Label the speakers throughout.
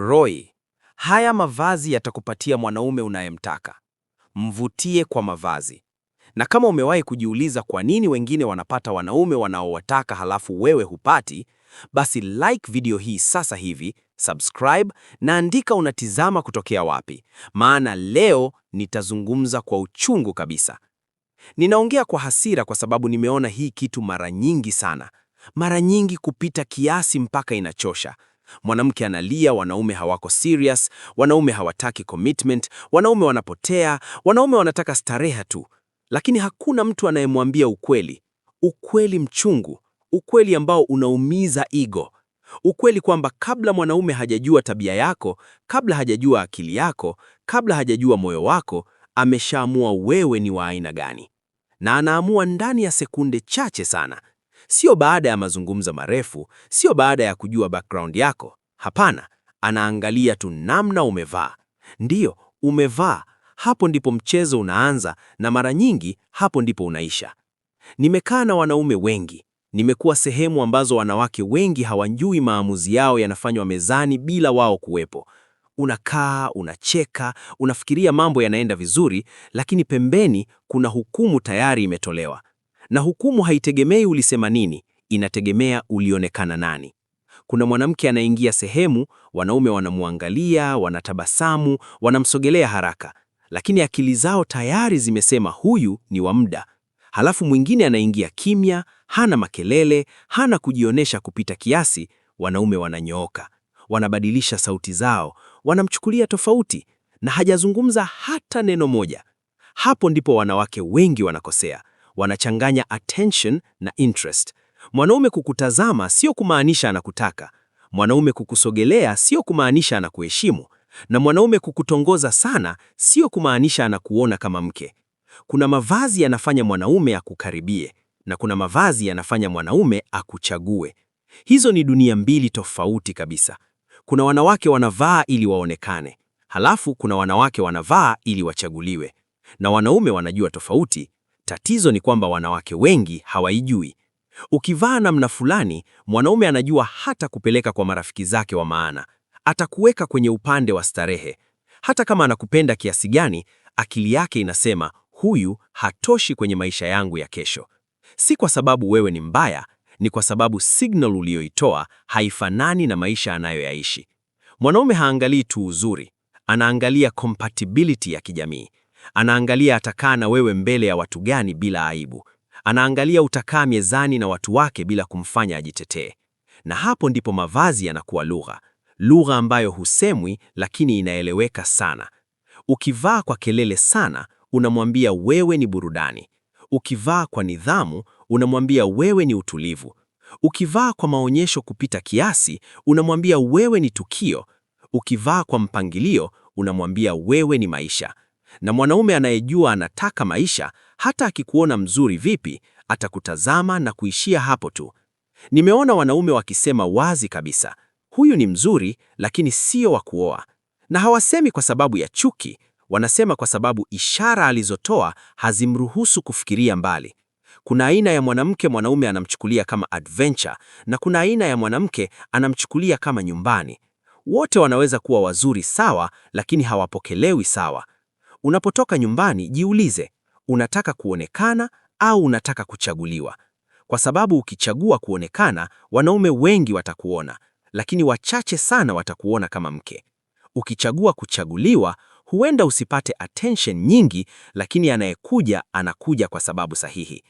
Speaker 1: Roy, haya mavazi yatakupatia mwanaume unayemtaka. Mvutie kwa mavazi. Na kama umewahi kujiuliza kwa nini wengine wanapata wanaume wanaowataka halafu wewe hupati, basi like video hii sasa hivi, subscribe na andika unatizama kutokea wapi, maana leo nitazungumza kwa uchungu kabisa. Ninaongea kwa hasira kwa sababu nimeona hii kitu mara nyingi sana, mara nyingi kupita kiasi mpaka inachosha. Mwanamke analia, wanaume hawako serious, wanaume hawataki commitment, wanaume wanapotea, wanaume wanataka stareha tu, lakini hakuna mtu anayemwambia ukweli, ukweli mchungu, ukweli ambao unaumiza ego, ukweli kwamba kabla mwanaume hajajua tabia yako, kabla hajajua akili yako, kabla hajajua moyo wako, ameshaamua wewe ni wa aina gani, na anaamua ndani ya sekunde chache sana sio baada ya mazungumzo marefu, sio baada ya kujua background yako. Hapana, anaangalia tu namna umevaa. Ndiyo, umevaa. Hapo ndipo mchezo unaanza, na mara nyingi hapo ndipo unaisha. Nimekaa na wanaume wengi, nimekuwa sehemu ambazo wanawake wengi hawajui maamuzi yao yanafanywa mezani bila wao kuwepo. Unakaa, unacheka, unafikiria mambo yanaenda vizuri, lakini pembeni kuna hukumu tayari imetolewa. Na hukumu haitegemei ulisema nini, inategemea ulionekana nani. Kuna mwanamke anaingia sehemu, wanaume wanamwangalia, wanatabasamu, wanamsogelea haraka, lakini akili zao tayari zimesema huyu ni wa muda. Halafu mwingine anaingia kimya, hana makelele, hana kujionyesha kupita kiasi. Wanaume wananyooka, wanabadilisha sauti zao, wanamchukulia tofauti, na hajazungumza hata neno moja. Hapo ndipo wanawake wengi wanakosea wanachanganya attention na interest. Mwanaume kukutazama sio kumaanisha anakutaka. Mwanaume kukusogelea sio kumaanisha anakuheshimu, na mwanaume kukutongoza sana sio kumaanisha anakuona kama mke. Kuna mavazi yanafanya mwanaume akukaribie na kuna mavazi yanafanya mwanaume akuchague. Hizo ni dunia mbili tofauti kabisa. Kuna wanawake wanavaa ili waonekane, halafu kuna wanawake wanavaa ili wachaguliwe, na wanaume wanajua tofauti, Tatizo ni kwamba wanawake wengi hawaijui. Ukivaa namna fulani, mwanaume anajua hata kupeleka kwa marafiki zake wa maana, atakuweka kwenye upande wa starehe. Hata kama anakupenda kiasi gani, akili yake inasema huyu hatoshi kwenye maisha yangu ya kesho. Si kwa sababu wewe ni mbaya, ni kwa sababu signal uliyoitoa haifanani na maisha anayoyaishi. Mwanaume haangalii tu uzuri, anaangalia compatibility ya kijamii. Anaangalia atakaa na wewe mbele ya watu gani bila aibu. Anaangalia utakaa mezani na watu wake bila kumfanya ajitetee. Na hapo ndipo mavazi yanakuwa lugha, lugha ambayo husemwi lakini inaeleweka sana. Ukivaa kwa kelele sana, unamwambia wewe ni burudani. Ukivaa kwa nidhamu, unamwambia wewe ni utulivu. Ukivaa kwa maonyesho kupita kiasi, unamwambia wewe ni tukio. Ukivaa kwa mpangilio, unamwambia wewe ni maisha. Na mwanaume anayejua anataka maisha, hata akikuona mzuri vipi, atakutazama na kuishia hapo tu. Nimeona wanaume wakisema wazi kabisa, huyu ni mzuri lakini sio wa kuoa. Na hawasemi kwa sababu ya chuki, wanasema kwa sababu ishara alizotoa hazimruhusu kufikiria mbali. Kuna aina ya mwanamke mwanaume anamchukulia kama adventure na kuna aina ya mwanamke anamchukulia kama nyumbani. Wote wanaweza kuwa wazuri sawa, lakini hawapokelewi sawa. Unapotoka nyumbani, jiulize, unataka kuonekana au unataka kuchaguliwa? Kwa sababu ukichagua kuonekana, wanaume wengi watakuona, lakini wachache sana watakuona kama mke. Ukichagua kuchaguliwa, huenda usipate attention nyingi, lakini anayekuja anakuja kwa sababu sahihi.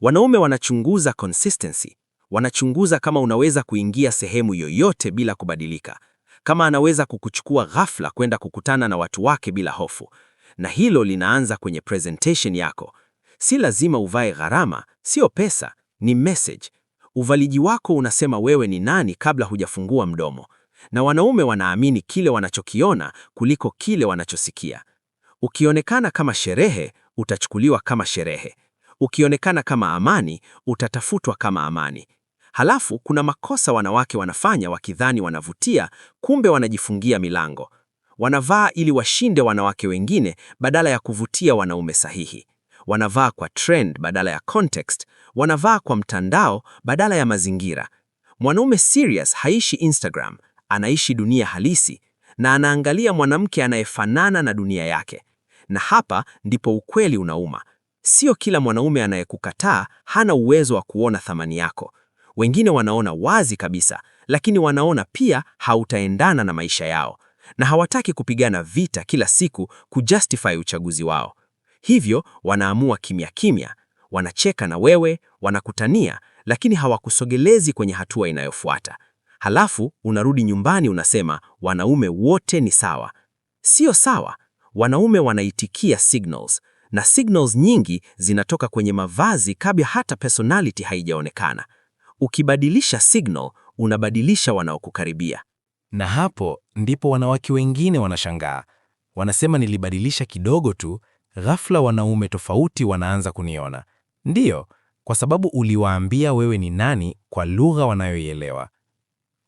Speaker 1: Wanaume wanachunguza consistency, wanachunguza kama unaweza kuingia sehemu yoyote bila kubadilika, kama anaweza kukuchukua ghafla kwenda kukutana na watu wake bila hofu na hilo linaanza kwenye presentation yako. Si lazima uvae gharama, sio pesa, ni message. Uvaliji wako unasema wewe ni nani kabla hujafungua mdomo, na wanaume wanaamini kile wanachokiona kuliko kile wanachosikia. Ukionekana kama sherehe, utachukuliwa kama sherehe. Ukionekana kama amani, utatafutwa kama amani. Halafu kuna makosa wanawake wanafanya wakidhani wanavutia, kumbe wanajifungia milango. Wanavaa ili washinde wanawake wengine badala ya kuvutia wanaume sahihi. Wanavaa kwa trend badala ya context. Wanavaa kwa mtandao badala ya mazingira. Mwanaume serious haishi Instagram, anaishi dunia halisi na anaangalia mwanamke anayefanana na dunia yake. Na hapa ndipo ukweli unauma. Sio kila mwanaume anayekukataa hana uwezo wa kuona thamani yako. Wengine wanaona wazi kabisa, lakini wanaona pia hautaendana na maisha yao na hawataki kupigana vita kila siku kujustify uchaguzi wao. Hivyo wanaamua kimya kimya, wanacheka na wewe, wanakutania, lakini hawakusogelezi kwenye hatua inayofuata. Halafu unarudi nyumbani unasema wanaume wote ni sawa. Sio sawa. Wanaume wanaitikia signals na signals nyingi zinatoka kwenye mavazi kabla hata personality haijaonekana. Ukibadilisha signal, unabadilisha wanaokukaribia.
Speaker 2: Na hapo ndipo wanawake wengine wanashangaa, wanasema nilibadilisha kidogo tu, ghafla wanaume tofauti wanaanza kuniona. Ndiyo, kwa sababu uliwaambia wewe ni nani kwa lugha wanayoielewa.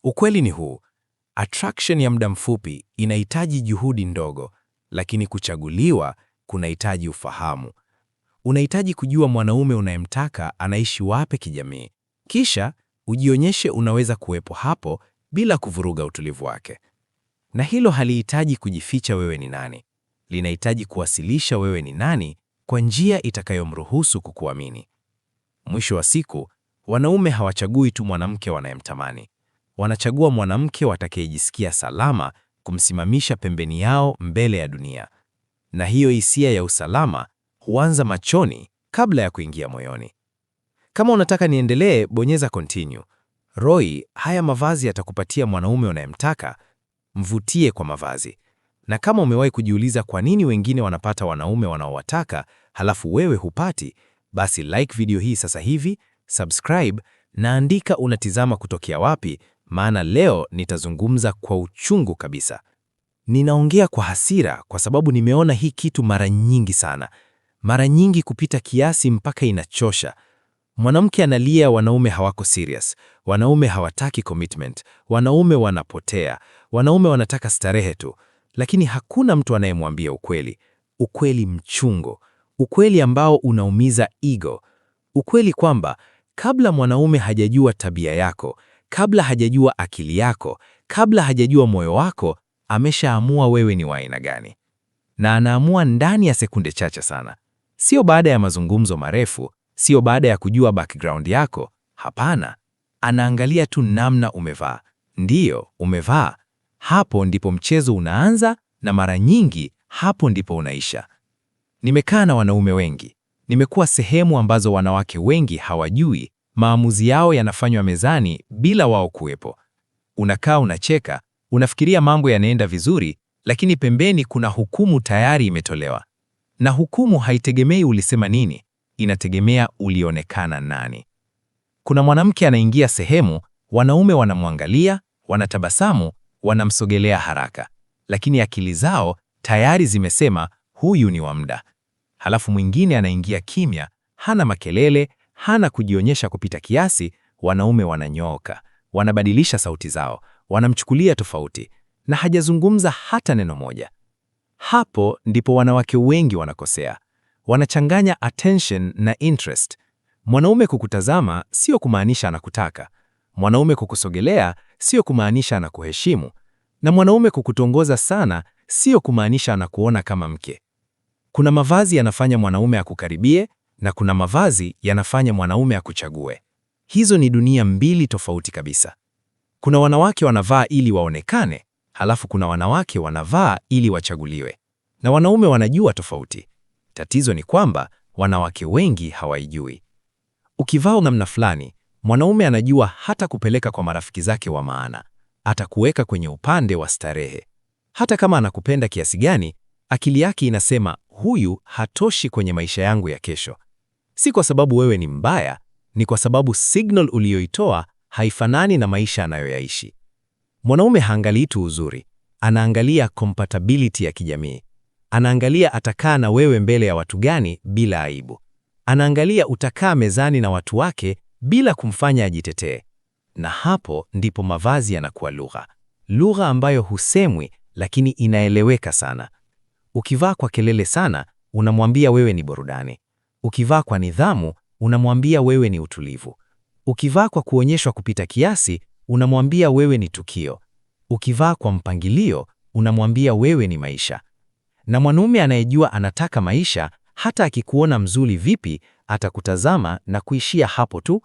Speaker 2: Ukweli ni huu: attraction ya muda mfupi inahitaji juhudi ndogo, lakini kuchaguliwa kunahitaji ufahamu. Unahitaji kujua mwanaume unayemtaka anaishi wapi kijamii, kisha ujionyeshe unaweza kuwepo hapo bila kuvuruga utulivu wake. Na hilo halihitaji kujificha wewe ni nani, linahitaji kuwasilisha wewe ni nani kwa njia itakayomruhusu kukuamini. Mwisho wa siku, wanaume hawachagui tu mwanamke wanayemtamani, wanachagua mwanamke watakayejisikia salama kumsimamisha pembeni yao mbele ya dunia. Na hiyo hisia ya usalama huanza machoni kabla ya kuingia moyoni. Kama unataka niendelee, bonyeza continue. Roy, haya mavazi yatakupatia mwanaume unayemtaka. Mvutie kwa mavazi. Na kama umewahi kujiuliza kwa nini wengine wanapata wanaume wanaowataka halafu wewe hupati, basi like video hii sasa hivi, subscribe na andika unatizama kutokea wapi, maana leo nitazungumza kwa uchungu kabisa. Ninaongea kwa hasira kwa sababu nimeona hii kitu mara nyingi sana, mara nyingi kupita kiasi mpaka inachosha. Mwanamke analia, wanaume hawako serious, wanaume hawataki commitment, wanaume wanapotea, wanaume wanataka starehe tu, lakini hakuna mtu anayemwambia ukweli, ukweli mchungo, ukweli ambao unaumiza ego, ukweli kwamba kabla mwanaume hajajua tabia yako, kabla hajajua akili yako, kabla hajajua moyo wako, ameshaamua wewe ni wa aina gani, na anaamua ndani ya sekunde chache sana, sio baada ya mazungumzo marefu sio baada ya kujua background yako. Hapana, anaangalia tu namna umevaa. Ndiyo, umevaa. Hapo ndipo mchezo unaanza, na mara nyingi hapo ndipo unaisha. Nimekaa na wanaume wengi, nimekuwa sehemu ambazo wanawake wengi hawajui maamuzi yao yanafanywa mezani bila wao kuwepo. Unakaa unacheka, unafikiria mambo yanaenda vizuri, lakini pembeni kuna hukumu tayari imetolewa. Na hukumu haitegemei ulisema nini, inategemea ulionekana nani. Kuna mwanamke anaingia sehemu, wanaume wanamwangalia, wanatabasamu, wanamsogelea haraka, lakini akili zao tayari zimesema huyu ni wa muda. Halafu mwingine anaingia kimya, hana makelele, hana kujionyesha kupita kiasi. Wanaume wananyooka, wanabadilisha sauti zao, wanamchukulia tofauti, na hajazungumza hata neno moja. Hapo ndipo wanawake wengi wanakosea wanachanganya attention na interest. Mwanaume kukutazama sio kumaanisha anakutaka. Mwanaume kukusogelea sio kumaanisha anakuheshimu, na mwanaume kukutongoza sana sio kumaanisha anakuona kama mke. Kuna mavazi yanafanya mwanaume akukaribie na kuna mavazi yanafanya mwanaume akuchague. Hizo ni dunia mbili tofauti kabisa. Kuna wanawake wanavaa ili waonekane, halafu kuna wanawake wanavaa ili wachaguliwe, na wanaume wanajua tofauti. Tatizo ni kwamba wanawake wengi hawaijui. Ukivaa namna fulani, mwanaume anajua hata kupeleka kwa marafiki zake wa maana, atakuweka kwenye upande wa starehe. Hata kama anakupenda kiasi gani, akili yake inasema huyu hatoshi kwenye maisha yangu ya kesho. Si kwa sababu wewe ni mbaya, ni kwa sababu signal uliyoitoa haifanani na maisha anayoyaishi. Mwanaume haangalii tu uzuri, anaangalia compatibility ya kijamii. Anaangalia atakaa na wewe mbele ya watu gani bila aibu. Anaangalia utakaa mezani na watu wake bila kumfanya ajitetee. Na hapo ndipo mavazi yanakuwa lugha, lugha ambayo husemwi lakini inaeleweka sana. Ukivaa kwa kelele sana, unamwambia wewe ni burudani. Ukivaa kwa nidhamu, unamwambia wewe ni utulivu. Ukivaa kwa kuonyeshwa kupita kiasi, unamwambia wewe ni tukio. Ukivaa kwa mpangilio, unamwambia wewe ni maisha. Na mwanaume anayejua anataka maisha, hata akikuona mzuri vipi, atakutazama na kuishia hapo tu.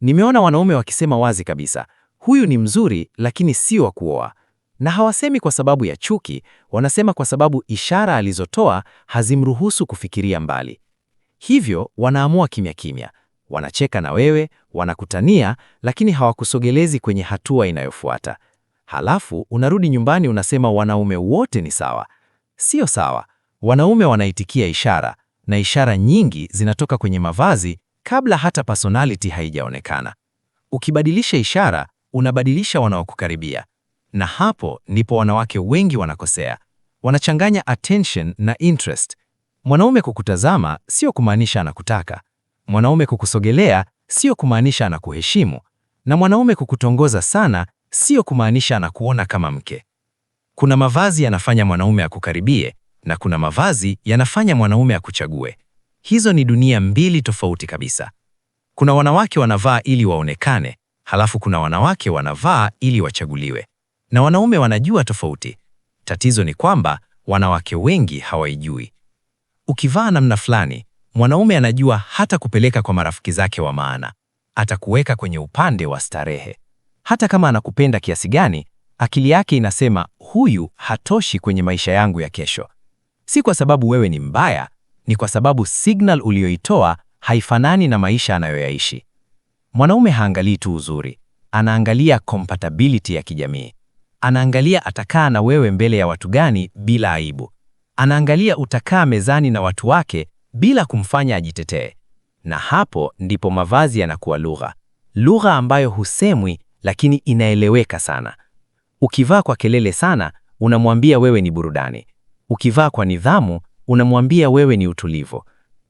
Speaker 2: Nimeona wanaume wakisema wazi kabisa, huyu ni mzuri lakini si wa kuoa. Na hawasemi kwa sababu ya chuki, wanasema kwa sababu ishara alizotoa hazimruhusu kufikiria mbali. Hivyo wanaamua kimya kimya, wanacheka na wewe, wanakutania, lakini hawakusogelezi kwenye hatua inayofuata. Halafu unarudi nyumbani, unasema wanaume wote ni sawa, Sio sawa. Wanaume wanaitikia ishara, na ishara nyingi zinatoka kwenye mavazi kabla hata personality haijaonekana. Ukibadilisha ishara, unabadilisha wanaokukaribia, na hapo ndipo wanawake wengi wanakosea. Wanachanganya attention na interest. Mwanaume kukutazama sio kumaanisha anakutaka. Mwanaume kukusogelea sio kumaanisha anakuheshimu, na mwanaume kukutongoza sana sio kumaanisha anakuona kama mke. Kuna mavazi yanafanya mwanaume akukaribie na kuna mavazi yanafanya mwanaume akuchague. Hizo ni dunia mbili tofauti kabisa. Kuna wanawake wanavaa ili waonekane, halafu kuna wanawake wanavaa ili wachaguliwe, na wanaume wanajua tofauti. Tatizo ni kwamba wanawake wengi hawaijui. Ukivaa namna fulani, mwanaume anajua hata kupeleka kwa marafiki zake wa maana, atakuweka kwenye upande wa starehe. Hata kama anakupenda kiasi gani, Akili yake inasema huyu hatoshi kwenye maisha yangu ya kesho. Si kwa sababu wewe ni mbaya, ni kwa sababu signal uliyoitoa haifanani na maisha anayoyaishi. Mwanaume haangalii tu uzuri, anaangalia compatibility ya kijamii. Anaangalia atakaa na wewe mbele ya watu gani bila aibu. Anaangalia utakaa mezani na watu wake bila kumfanya ajitetee. Na hapo ndipo mavazi yanakuwa lugha, lugha ambayo husemwi lakini inaeleweka sana. Ukivaa kwa kelele sana, unamwambia wewe ni burudani. Ukivaa kwa nidhamu, unamwambia wewe ni utulivu.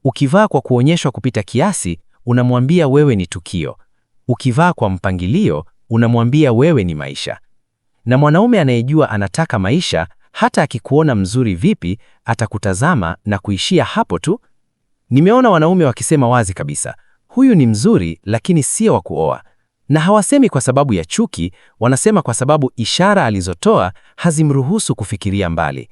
Speaker 2: Ukivaa kwa kuonyeshwa kupita kiasi, unamwambia wewe ni tukio. Ukivaa kwa mpangilio, unamwambia wewe ni maisha. Na mwanaume anayejua anataka maisha, hata akikuona mzuri vipi, atakutazama na kuishia hapo tu. Nimeona wanaume wakisema wazi kabisa, huyu ni mzuri lakini sio wa kuoa. Na hawasemi kwa sababu ya chuki, wanasema kwa sababu ishara alizotoa hazimruhusu kufikiria mbali.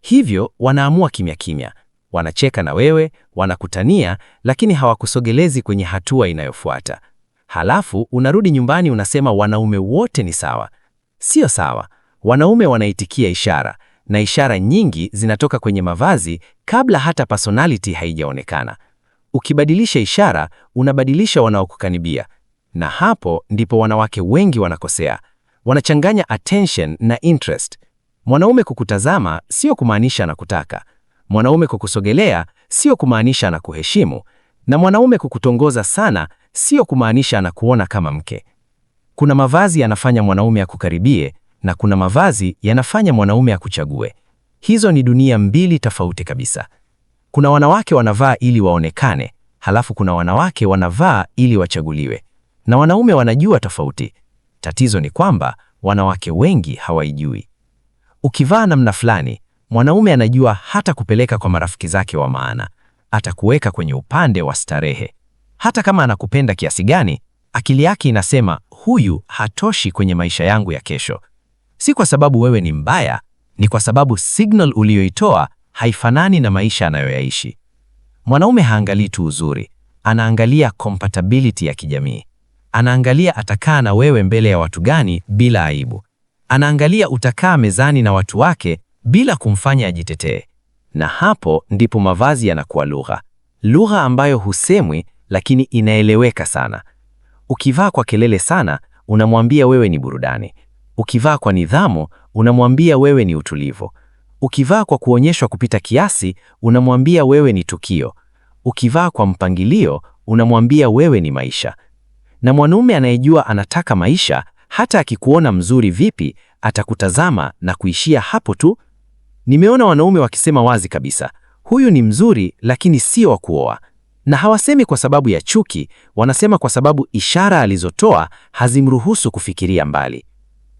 Speaker 2: Hivyo wanaamua kimya kimya, wanacheka na wewe, wanakutania, lakini hawakusogelezi kwenye hatua inayofuata. Halafu unarudi nyumbani, unasema wanaume wote ni sawa. Sio sawa. Wanaume wanaitikia ishara, na ishara nyingi zinatoka kwenye mavazi kabla hata personality haijaonekana. Ukibadilisha ishara, unabadilisha wanaokukanibia. Na hapo ndipo wanawake wengi wanakosea, wanachanganya attention na interest. Mwanaume kukutazama sio kumaanisha anakutaka. Mwanaume kukusogelea sio kumaanisha anakuheshimu, na mwanaume kukutongoza sana sio kumaanisha anakuona kama mke. Kuna mavazi yanafanya mwanaume akukaribie na kuna mavazi yanafanya mwanaume akuchague. Hizo ni dunia mbili tofauti kabisa. Kuna wanawake wanavaa ili waonekane, halafu kuna wanawake wanavaa ili wachaguliwe na wanaume wanajua tofauti. Tatizo ni kwamba wanawake wengi hawaijui. Ukivaa namna fulani, mwanaume anajua hata kupeleka kwa marafiki zake wa maana, atakuweka kwenye upande wa starehe. Hata kama anakupenda kiasi gani, akili yake inasema huyu hatoshi kwenye maisha yangu ya kesho. Si kwa sababu wewe ni mbaya, ni kwa sababu signal uliyoitoa haifanani na maisha anayoyaishi. Mwanaume haangalii tu uzuri, anaangalia compatibility ya kijamii. Anaangalia atakaa na wewe mbele ya watu gani bila aibu. Anaangalia utakaa mezani na watu wake bila kumfanya ajitetee. Na hapo ndipo mavazi yanakuwa lugha, lugha ambayo husemwi lakini inaeleweka sana. Ukivaa kwa kelele sana, unamwambia wewe ni burudani. Ukivaa kwa nidhamu, unamwambia wewe ni utulivu. Ukivaa kwa kuonyeshwa kupita kiasi, unamwambia wewe ni tukio. Ukivaa kwa mpangilio, unamwambia wewe ni maisha na mwanaume anayejua anataka maisha, hata akikuona mzuri vipi, atakutazama na kuishia hapo tu. Nimeona wanaume wakisema wazi kabisa, huyu ni mzuri lakini sio wa kuoa, na hawasemi kwa sababu ya chuki, wanasema kwa sababu ishara alizotoa hazimruhusu kufikiria mbali.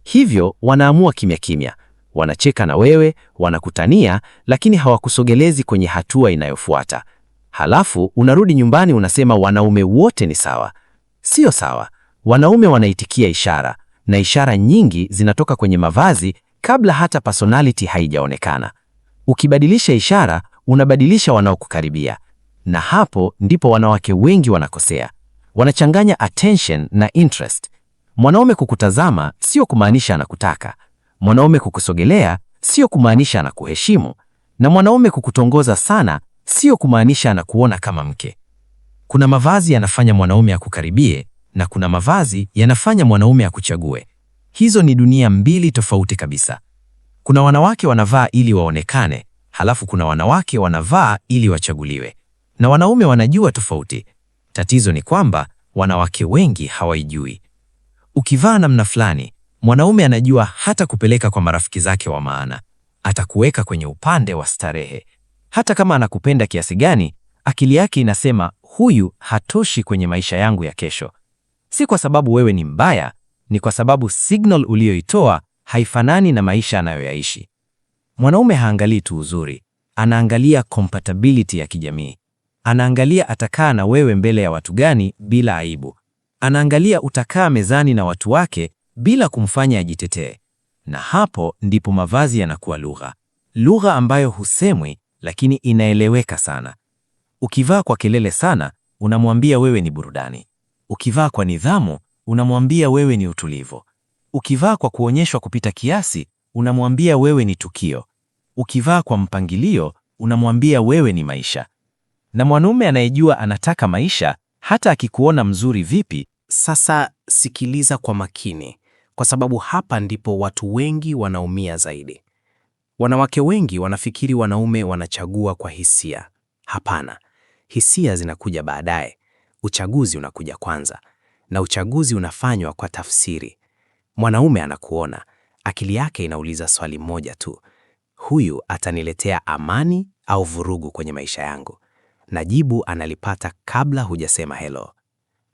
Speaker 2: Hivyo wanaamua kimya kimya, wanacheka na wewe, wanakutania, lakini hawakusogelezi kwenye hatua inayofuata. Halafu unarudi nyumbani, unasema wanaume wote ni sawa. Sio sawa. Wanaume wanaitikia ishara, na ishara nyingi zinatoka kwenye mavazi kabla hata personality haijaonekana. Ukibadilisha ishara, unabadilisha wanaokukaribia, na hapo ndipo wanawake wengi wanakosea. Wanachanganya attention na interest. Mwanaume kukutazama sio kumaanisha anakutaka. Mwanaume kukusogelea sio kumaanisha anakuheshimu, na mwanaume kukutongoza sana sio kumaanisha anakuona kama mke. Kuna mavazi yanafanya mwanaume akukaribie na kuna mavazi yanafanya mwanaume akuchague. Hizo ni dunia mbili tofauti kabisa. Kuna wanawake wanavaa ili waonekane, halafu kuna wanawake wanavaa ili wachaguliwe, na wanaume wanajua tofauti. Tatizo ni kwamba wanawake wengi hawaijui. Ukivaa namna fulani, mwanaume anajua hata kupeleka kwa marafiki zake wa maana, atakuweka kwenye upande wa starehe. Hata kama anakupenda kiasi gani, akili yake inasema huyu hatoshi kwenye maisha yangu ya kesho. Si kwa sababu wewe ni mbaya, ni kwa sababu signal uliyoitoa haifanani na maisha anayoyaishi. Mwanaume haangalii tu uzuri, anaangalia compatibility ya kijamii. Anaangalia atakaa na wewe mbele ya watu gani bila aibu. Anaangalia utakaa mezani na watu wake bila kumfanya ajitetee. Na hapo ndipo mavazi yanakuwa lugha, lugha ambayo husemwi lakini inaeleweka sana. Ukivaa kwa kelele sana, unamwambia wewe ni burudani. Ukivaa kwa nidhamu, unamwambia wewe ni utulivu. Ukivaa kwa kuonyeshwa kupita kiasi, unamwambia wewe ni tukio. Ukivaa kwa mpangilio, unamwambia wewe ni maisha. Na mwanaume anayejua anataka maisha, hata akikuona mzuri vipi.
Speaker 3: Sasa sikiliza kwa makini, kwa sababu hapa ndipo watu wengi wanaumia zaidi. Wanawake wengi wanafikiri wanaume wanachagua kwa hisia. Hapana, hisia zinakuja baadaye, uchaguzi unakuja kwanza, na uchaguzi unafanywa kwa tafsiri. Mwanaume anakuona, akili yake inauliza swali moja tu: huyu ataniletea amani au vurugu kwenye maisha yangu? Na jibu analipata kabla hujasema hello.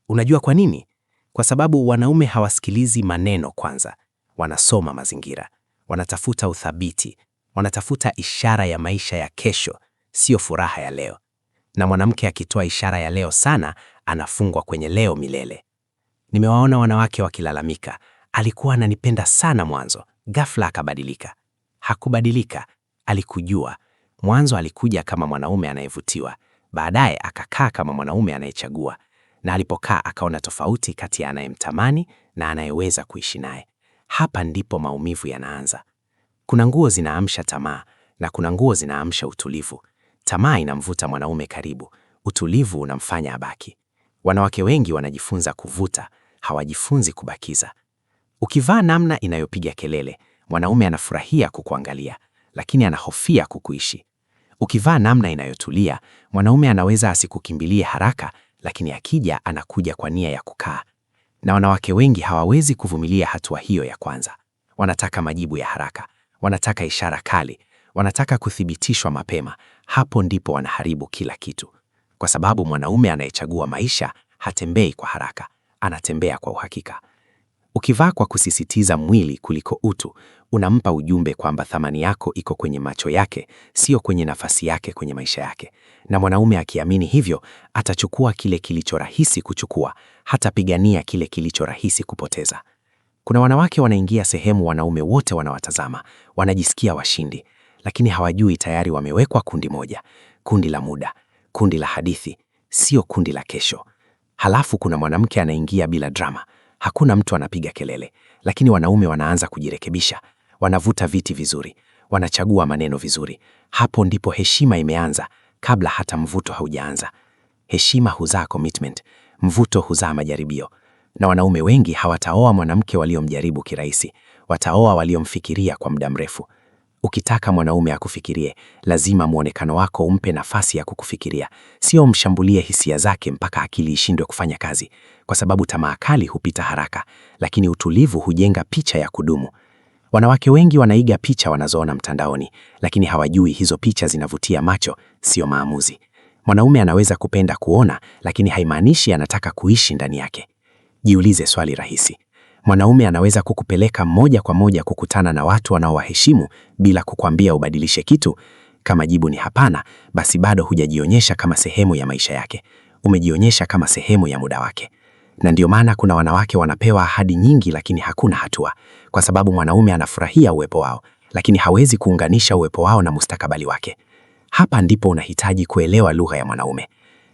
Speaker 3: Unajua kwa nini? Kwa sababu wanaume hawasikilizi maneno kwanza, wanasoma mazingira, wanatafuta uthabiti, wanatafuta ishara ya maisha ya kesho, sio furaha ya leo na mwanamke akitoa ishara ya leo sana anafungwa kwenye leo milele. Nimewaona wanawake wakilalamika, alikuwa ananipenda sana mwanzo, ghafla akabadilika. Hakubadilika, alikujua mwanzo. Alikuja kama mwanaume anayevutiwa, baadaye akakaa kama mwanaume anayechagua, na alipokaa akaona tofauti kati ya anayemtamani na anayeweza kuishi naye. Hapa ndipo maumivu yanaanza. Kuna nguo zinaamsha tamaa na kuna nguo zinaamsha utulivu. Tamaa inamvuta mwanaume karibu, utulivu unamfanya abaki. Wanawake wengi wanajifunza kuvuta, hawajifunzi kubakiza. Ukivaa namna inayopiga kelele, mwanaume anafurahia kukuangalia, lakini anahofia kukuishi. Ukivaa namna inayotulia, mwanaume anaweza asikukimbilie haraka, lakini akija anakuja kwa nia ya kukaa. Na wanawake wengi hawawezi kuvumilia hatua hiyo ya kwanza. Wanataka majibu ya haraka, wanataka ishara kali, wanataka kuthibitishwa mapema, hapo ndipo wanaharibu kila kitu, kwa sababu mwanaume anayechagua maisha hatembei kwa haraka, anatembea kwa uhakika. Ukivaa kwa kusisitiza mwili kuliko utu, unampa ujumbe kwamba thamani yako iko kwenye macho yake, sio kwenye nafasi yake kwenye maisha yake. Na mwanaume akiamini hivyo, atachukua kile kilicho rahisi kuchukua, hatapigania kile kilicho rahisi kupoteza. Kuna wanawake wanaingia sehemu wanaume wote wanawatazama, wanajisikia washindi lakini hawajui tayari wamewekwa kundi moja, kundi la muda, kundi la hadithi, sio kundi la kesho. Halafu kuna mwanamke anaingia bila drama, hakuna mtu anapiga kelele, lakini wanaume wanaanza kujirekebisha, wanavuta viti vizuri, wanachagua maneno vizuri. Hapo ndipo heshima imeanza, kabla hata mvuto haujaanza. Heshima huzaa commitment, mvuto huzaa majaribio. Na wanaume wengi hawataoa mwanamke waliomjaribu kirahisi, wataoa waliomfikiria kwa muda mrefu. Ukitaka mwanaume akufikirie, lazima muonekano wako umpe nafasi ya kukufikiria, sio mshambulie hisia zake mpaka akili ishindwe kufanya kazi, kwa sababu tamaa kali hupita haraka, lakini utulivu hujenga picha ya kudumu. Wanawake wengi wanaiga picha wanazoona mtandaoni, lakini hawajui hizo picha zinavutia macho, sio maamuzi. Mwanaume anaweza kupenda kuona, lakini haimaanishi anataka kuishi ndani yake. Jiulize swali rahisi: mwanaume anaweza kukupeleka moja kwa moja kukutana na watu wanaowaheshimu bila kukwambia ubadilishe kitu. Kama jibu ni hapana, basi bado hujajionyesha kama sehemu ya maisha yake, umejionyesha kama sehemu ya muda wake. Na ndio maana kuna wanawake wanapewa ahadi nyingi, lakini hakuna hatua, kwa sababu mwanaume anafurahia uwepo wao, lakini hawezi kuunganisha uwepo wao na mustakabali wake. Hapa ndipo unahitaji kuelewa lugha ya mwanaume.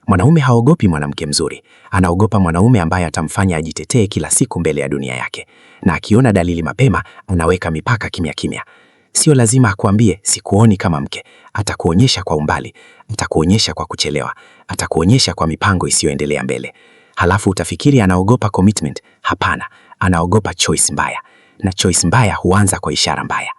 Speaker 3: Mwanaume haogopi mwanamke mzuri, anaogopa mwanaume ambaye atamfanya ajitetee kila siku mbele ya dunia yake, na akiona dalili mapema anaweka mipaka kimya kimya. Sio lazima akuambie sikuoni kama mke, atakuonyesha kwa umbali, atakuonyesha kwa kuchelewa, atakuonyesha kwa mipango isiyoendelea mbele. Halafu utafikiri anaogopa commitment. Hapana, anaogopa choice mbaya, na choice mbaya huanza kwa ishara mbaya.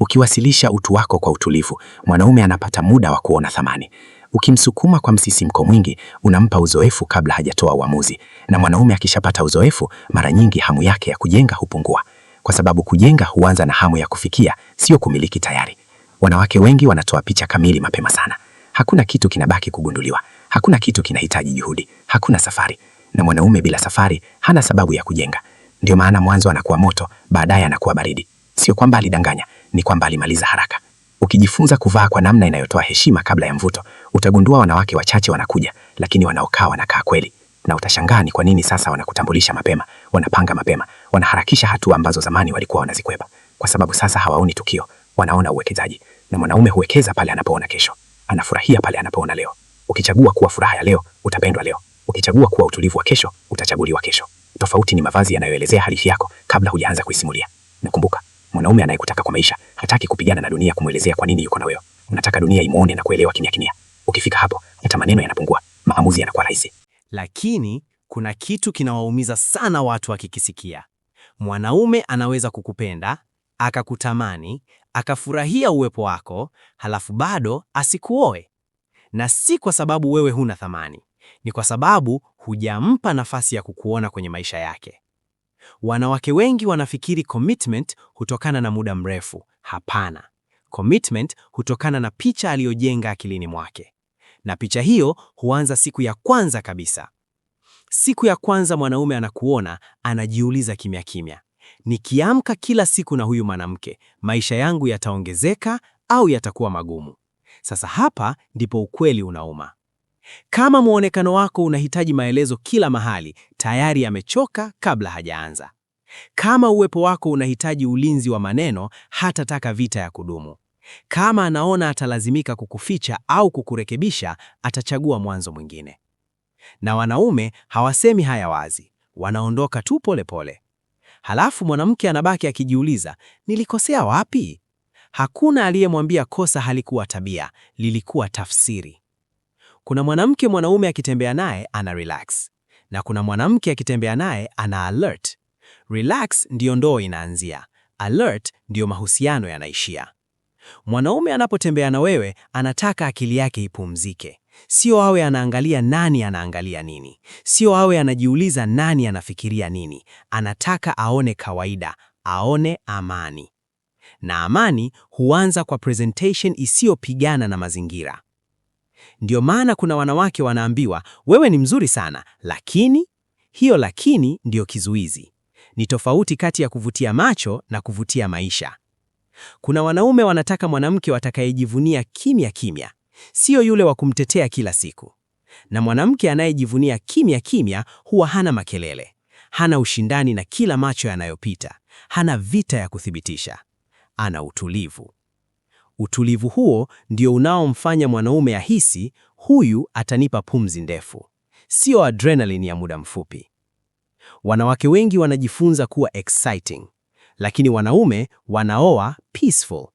Speaker 3: Ukiwasilisha utu wako kwa utulivu, mwanaume anapata muda wa kuona thamani. Ukimsukuma kwa msisimko mwingi, unampa uzoefu kabla hajatoa uamuzi, na mwanaume akishapata uzoefu, mara nyingi hamu yake ya kujenga hupungua, kwa sababu kujenga huanza na hamu ya kufikia, sio kumiliki tayari. Wanawake wengi wanatoa picha kamili mapema sana. Hakuna kitu kinabaki kugunduliwa, hakuna kitu kinahitaji juhudi, hakuna safari. Na mwanaume bila safari hana sababu ya kujenga. Ndio maana mwanzo anakuwa moto, baadaye anakuwa baridi. Sio kwamba alidanganya, ni kwamba alimaliza haraka. Ukijifunza kuvaa kwa namna inayotoa heshima kabla ya mvuto, Utagundua wanawake wachache wanakuja, lakini wanaokaa wanakaa kweli, na utashangaa ni kwa nini sasa wanakutambulisha mapema, wanapanga mapema, wanaharakisha hatua ambazo zamani walikuwa wanazikwepa, kwa sababu sasa hawaoni tukio, wanaona uwekezaji. Na mwanaume huwekeza pale anapoona kesho, anafurahia pale anapoona leo. Ukichagua kuwa furaha ya leo, utapendwa leo. Ukichagua kuwa utulivu wa kesho, utachaguliwa kesho. Tofauti ni mavazi yanayoelezea hadithi yako kabla hujaanza kuisimulia. Nakumbuka, mwanaume anayekutaka kwa maisha hataki kupigana na dunia kumwelezea kwa nini yuko na wewe. Unataka dunia imuone na kuelewa kimya kimya. Ukifika hapo, hata maneno yanapungua, maamuzi yanakuwa rahisi.
Speaker 4: Lakini kuna kitu kinawaumiza sana watu wakikisikia. Mwanaume anaweza kukupenda, akakutamani, akafurahia uwepo wako, halafu bado asikuoe. Na si kwa sababu wewe huna thamani, ni kwa sababu hujampa nafasi ya kukuona kwenye maisha yake. Wanawake wengi wanafikiri commitment hutokana na muda mrefu. Hapana, commitment hutokana na picha aliyojenga akilini mwake na picha hiyo huanza siku ya kwanza kabisa. Siku ya kwanza mwanaume anakuona, anajiuliza kimya kimya, nikiamka kila siku na huyu mwanamke, maisha yangu yataongezeka au yatakuwa magumu? Sasa hapa ndipo ukweli unauma. Kama muonekano wako unahitaji maelezo kila mahali, tayari amechoka kabla hajaanza. Kama uwepo wako unahitaji ulinzi wa maneno, hatataka vita ya kudumu. Kama anaona atalazimika kukuficha au kukurekebisha, atachagua mwanzo mwingine. Na wanaume hawasemi haya wazi, wanaondoka tu polepole pole. Halafu mwanamke anabaki akijiuliza, nilikosea wapi? Hakuna aliyemwambia kosa halikuwa tabia, lilikuwa tafsiri. Kuna mwanamke mwanaume akitembea naye ana relax, na kuna mwanamke akitembea naye ana alert. Relax ndiyo ndoo inaanzia, alert ndiyo mahusiano yanaishia. Mwanaume anapotembea na wewe, anataka akili yake ipumzike, sio awe anaangalia nani anaangalia nini, sio awe anajiuliza nani anafikiria nini. Anataka aone kawaida, aone amani, na amani huanza kwa presentation isiyopigana na mazingira. Ndio maana kuna wanawake wanaambiwa, wewe ni mzuri sana, lakini hiyo lakini ndiyo kizuizi. Ni tofauti kati ya kuvutia macho na kuvutia maisha. Kuna wanaume wanataka mwanamke watakayejivunia kimya kimya, siyo yule wa kumtetea kila siku. Na mwanamke anayejivunia kimya kimya huwa hana makelele, hana ushindani na kila macho yanayopita, hana vita ya kuthibitisha, ana utulivu. Utulivu huo ndio unaomfanya mwanaume ahisi huyu atanipa pumzi ndefu, siyo adrenaline ya muda mfupi. Wanawake wengi wanajifunza kuwa exciting, lakini wanaume wanaoa peaceful.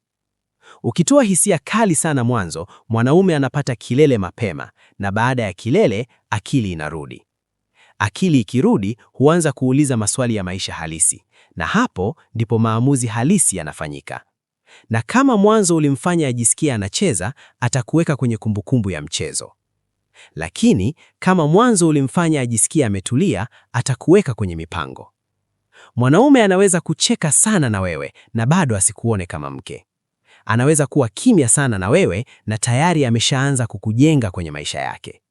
Speaker 4: Ukitoa hisia kali sana mwanzo, mwanaume anapata kilele mapema, na baada ya kilele akili inarudi. Akili ikirudi huanza kuuliza maswali ya maisha halisi, na hapo ndipo maamuzi halisi yanafanyika. Na kama mwanzo ulimfanya ajisikia anacheza, atakuweka kwenye kumbukumbu ya mchezo. Lakini kama mwanzo ulimfanya ajisikia ametulia, atakuweka kwenye mipango. Mwanaume anaweza kucheka sana na wewe na bado asikuone kama mke. Anaweza kuwa kimya sana na wewe na tayari ameshaanza kukujenga kwenye maisha yake.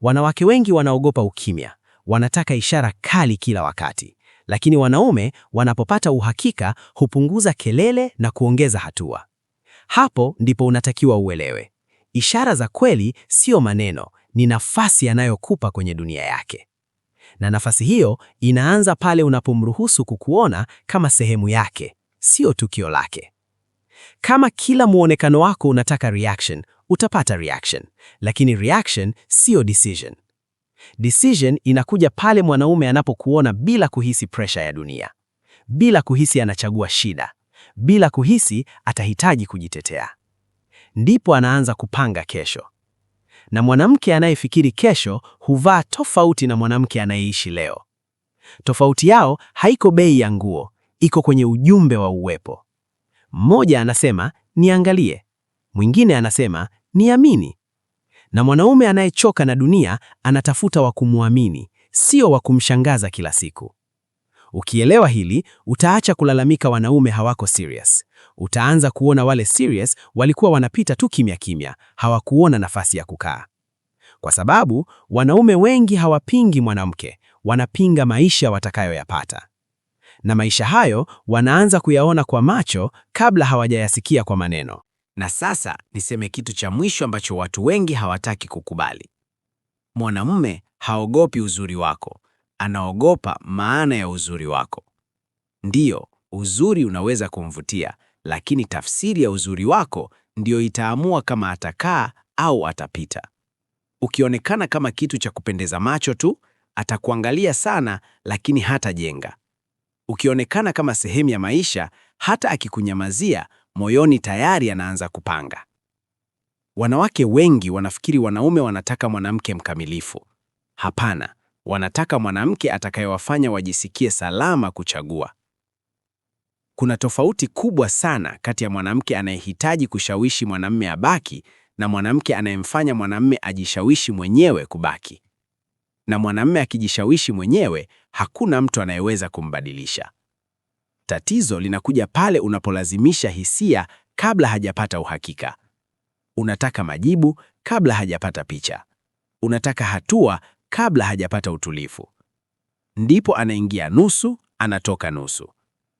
Speaker 4: Wanawake wengi wanaogopa ukimya, wanataka ishara kali kila wakati, lakini wanaume wanapopata uhakika hupunguza kelele na kuongeza hatua. Hapo ndipo unatakiwa uelewe, ishara za kweli sio maneno, ni nafasi anayokupa kwenye dunia yake na nafasi hiyo inaanza pale unapomruhusu kukuona kama sehemu yake, sio tukio lake. Kama kila muonekano wako unataka reaction, utapata reaction, lakini reaction siyo decision. Decision inakuja pale mwanaume anapokuona bila kuhisi pressure ya dunia, bila kuhisi anachagua shida, bila kuhisi atahitaji kujitetea. Ndipo anaanza kupanga kesho na mwanamke anayefikiri kesho huvaa tofauti na mwanamke anayeishi leo. Tofauti yao haiko bei ya nguo, iko kwenye ujumbe wa uwepo. Mmoja anasema niangalie, mwingine anasema niamini. Na mwanaume anayechoka na dunia anatafuta wa kumwamini, sio wa kumshangaza kila siku. Ukielewa hili, utaacha kulalamika wanaume hawako serious. Utaanza kuona wale serious walikuwa wanapita tu kimya kimya, hawakuona nafasi ya kukaa. Kwa sababu wanaume wengi hawapingi mwanamke, wanapinga maisha watakayoyapata. Na maisha hayo wanaanza kuyaona kwa macho kabla hawajayasikia kwa maneno. Na sasa niseme kitu cha mwisho ambacho watu wengi hawataki kukubali. Mwanamume haogopi uzuri wako, anaogopa maana ya uzuri wako. Ndiyo, uzuri unaweza kumvutia, lakini tafsiri ya uzuri wako ndiyo itaamua kama atakaa au atapita. Ukionekana kama kitu cha kupendeza macho tu, atakuangalia sana, lakini hatajenga. Ukionekana kama sehemu ya maisha, hata akikunyamazia, moyoni tayari anaanza kupanga. Wanawake wengi wanafikiri wanaume wanataka mwanamke mkamilifu. Hapana, Wanataka mwanamke atakayewafanya wajisikie salama kuchagua. Kuna tofauti kubwa sana kati ya mwanamke anayehitaji kushawishi mwanamme abaki na mwanamke anayemfanya mwanamme ajishawishi mwenyewe kubaki. Na mwanamme akijishawishi mwenyewe, hakuna mtu anayeweza kumbadilisha. Tatizo linakuja pale unapolazimisha hisia kabla hajapata uhakika. Unataka majibu kabla hajapata picha. Unataka hatua kabla hajapata utulifu. Ndipo anaingia nusu, anatoka nusu.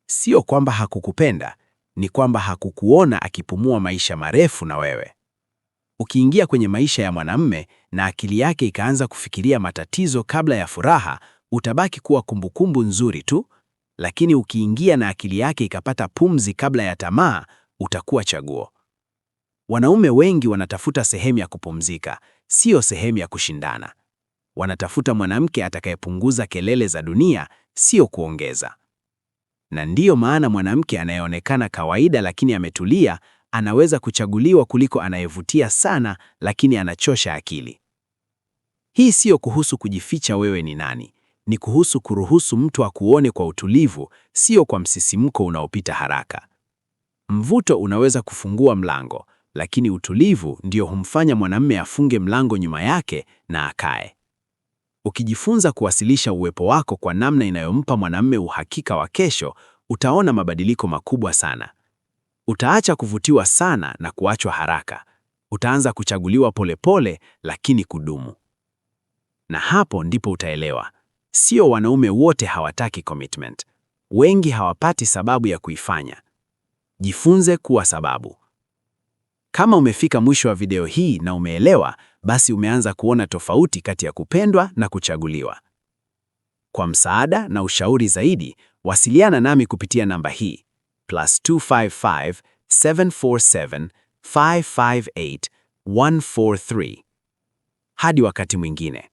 Speaker 4: Sio kwamba hakukupenda, ni kwamba hakukuona akipumua maisha marefu na wewe. Ukiingia kwenye maisha ya mwanamme na akili yake ikaanza kufikiria matatizo kabla ya furaha, utabaki kuwa kumbukumbu nzuri tu, lakini ukiingia na akili yake ikapata pumzi kabla ya tamaa, utakuwa chaguo. Wanaume wengi wanatafuta sehemu ya kupumzika, sio sehemu ya kushindana wanatafuta mwanamke atakayepunguza kelele za dunia, sio kuongeza. Na ndiyo maana mwanamke anayeonekana kawaida lakini ametulia anaweza kuchaguliwa kuliko anayevutia sana lakini anachosha akili. Hii siyo kuhusu kujificha wewe ni nani, ni kuhusu kuruhusu mtu akuone kwa utulivu, sio kwa msisimko unaopita haraka. Mvuto unaweza kufungua mlango, lakini utulivu ndio humfanya mwanamme afunge mlango nyuma yake na akae. Ukijifunza kuwasilisha uwepo wako kwa namna inayompa mwanamume uhakika wa kesho, utaona mabadiliko makubwa sana. Utaacha kuvutiwa sana na kuachwa haraka. Utaanza kuchaguliwa polepole pole, lakini kudumu. Na hapo ndipo utaelewa, sio wanaume wote hawataki commitment. Wengi hawapati sababu ya kuifanya. Jifunze kuwa sababu.
Speaker 1: Kama umefika mwisho wa video hii na umeelewa basi umeanza kuona tofauti kati ya kupendwa na kuchaguliwa. Kwa msaada na ushauri zaidi, wasiliana nami kupitia namba hii +255 747 558 143. Hadi wakati mwingine.